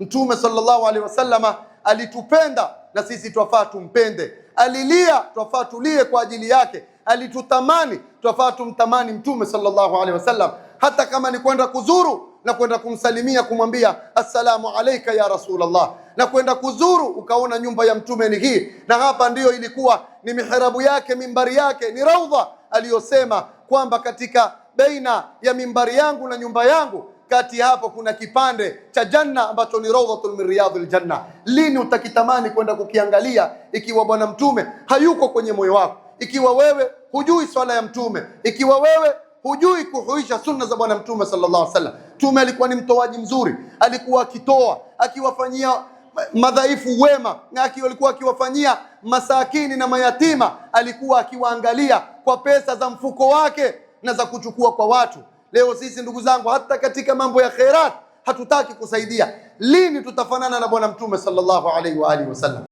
Mtume sallallahu alaihi wasallama alitupenda na sisi twafaa tumpende, alilia twafaa tulie kwa ajili yake, alitutamani twafaa tumtamani Mtume sallallahu alaihi wasallam, hata kama ni kwenda kuzuru na kwenda kumsalimia kumwambia assalamu alaika ya Rasulullah, na kwenda kuzuru ukaona nyumba ya mtume ni hii, na hapa ndiyo ilikuwa ni mihrabu yake, mimbari yake ni raudha aliyosema kwamba katika baina ya mimbari yangu na nyumba yangu kati hapo kuna kipande cha janna ambacho ni rawdatun min riyadhil janna. Lini utakitamani kwenda kukiangalia, ikiwa bwana mtume hayuko kwenye moyo wako, ikiwa wewe hujui swala ya mtume, ikiwa wewe hujui kuhuisha sunna za bwana mtume sallallahu alaihi wasallam. Mtume alikuwa ni mtoaji mzuri, alikuwa akitoa akiwafanyia madhaifu wema, na alikuwa akiwafanyia masakini na mayatima, alikuwa akiwaangalia kwa pesa za mfuko wake na za kuchukua kwa watu. Leo sisi ndugu zangu, hata katika mambo ya khairat hatutaki kusaidia. Lini tutafanana na Bwana Mtume sallallahu alaihi wa alihi wasallam?